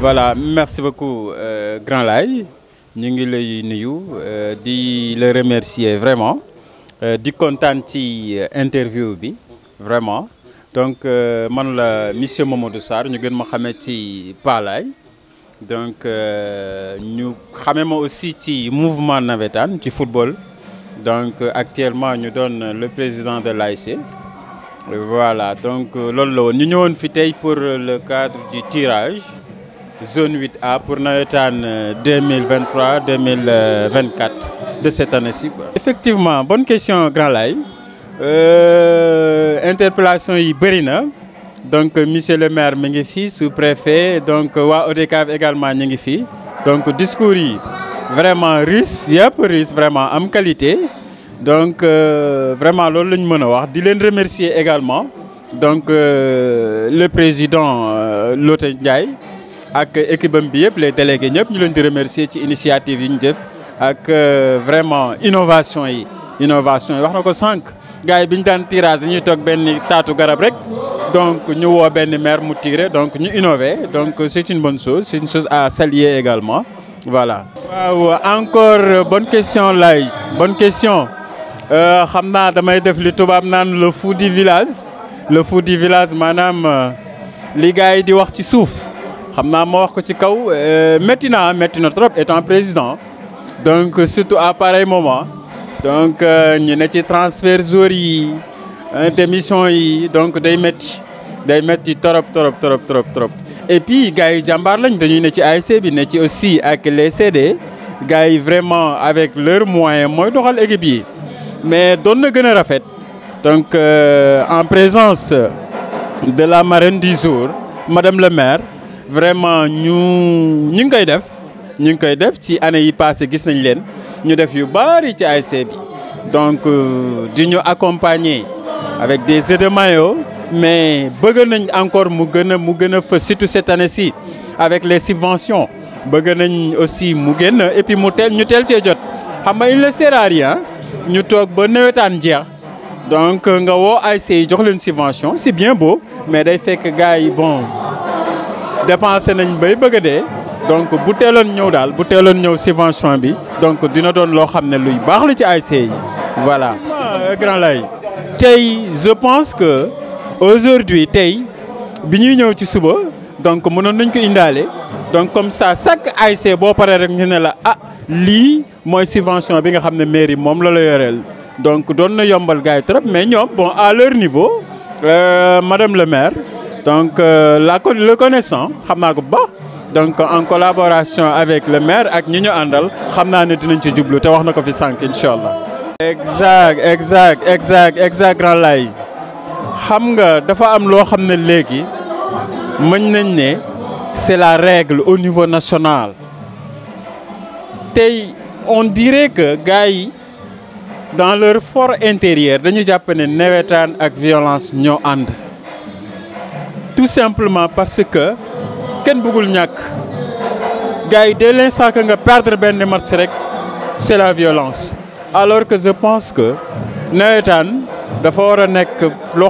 voilà merci beaucoup euh, Grand Laye nous ngi lay nuyu euh, di remercier vraiment euh, di contente ci interview vraiment donc man la monsieur Mamadou Sarr nous gën ma xamee ci donc nous xamee aussi ci mouvement navetan du football donc actuellement nous donnons le président de l'AIC. voilà donc nous sommes là pour le cadre du tirage zone 8A pour Nawetaan 2023-2024 euh, de cette année-ci. Effectivement, bonne question Grand euh, interpellation yi donc euh, monsieur le maire Mengifi, sous-préfet donc Wa également Mengifi. donc discours vraiment riche vraiment en qualité donc vraiment le la remercier également donc le président Lothé Ndiaye ak équipe bi yëpp les délégués ñëpp ñu leen di remercier ci initiative yi ñu def ak euh, vraiment innovation yi innovation yi wax na ko sànq gars yi bi ñu daan tirage ñuy toog benn taatu garab rek donc ñu woo benn maire mu tiré donc ñu innover donc c'est une bonne chose c'est une chose à saluer également voilà. waaw encore bonne question lay bonne question euh, xam naa damay def li tubaab naan le fou du village le fou du village maanaam euh, li gars yi di wax ci suuf. Je naa ma wax ko ci kaw euh, maintenant, trop étant président donc surtout à pareil moment donc euh, ñu ne ci transfert joueurs yi donc day métti day métti trop trop trop trop trop et puis gars yi jàmbaar lañ dañuy ne ci ASC bi ne ci aussi avec les CD gars vraiment avec leurs moyens mooy doxal équipe yi mais doon na gën a rafet donc euh, en présence de la marraine du jour madame le maire vraiment nous... ñing koy def ñing koy def ci année yi passé gis nañ leen ñu def yu donc euh, accompagner avec des aides de maillot mais bëgg nañ encore mu gëna mu cette année-ci avec les subventions bëgg nañ aussi mu et puis mu ñu jot il ne rien ñu nous ba donc nga subvention c'est bien beau mais day gars bon dépensé nañ bay bëgg dé donc bu télon ñëw dal bu télon ñëw subvention bi donc dina doon lo xamné luy bax la ci ASC voilà. Euh, Grand Laye tey je pense que aujourd'hui tay bi ñuy ñëw ci suba donc mënon nañ ko indalé donc comme ça chaque IC bo paré rek ñu ne la ah li moy subvention bi nga xamné mairie mom la la yoreel donc doon na yombal gars trop mais ñom bon à leur niveau euh, madame le maire. Donc, euh, la, le connaissant, donc en collaboration avec le maire et Nino Andal, nous savons que inshallah. Exact, exact, exact, exact, grand lay. Xam nga dafa am lo xamné légui mën nañ né c'est la règle au niveau national. Tay on dirait que gaay dans leur fort intérieur dañu japp né néwétane ak violence ñoo and tout simplement parce que Ken bugul ñak gars yi dès l'instant que nga perdre benn match rek c'est la violence alors que je pense que nawetaan dafa war a nekk loo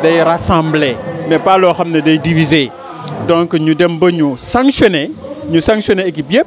day rassembler mais pas lo xam day diviser donc nous devons ba sanctionner nous sanctionner équipe yépp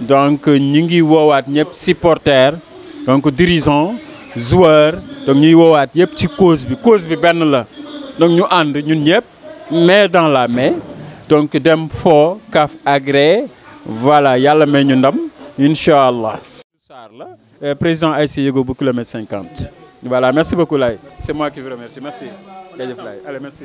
donc nous ngi tous supporters donc dirigeants joueurs donc ñuy woowaat yëpp ci causes. bi cause bi benn la donc nous avons ñun ñëpp mais dans la main donc dem foo kaf agré voilà yàlla may ñu ndam incha Inch'Allah. Sarr euh, président Aïssi beaucoup le 50 voilà merci beaucoup c'est moi qui vous remercie merci allez merci.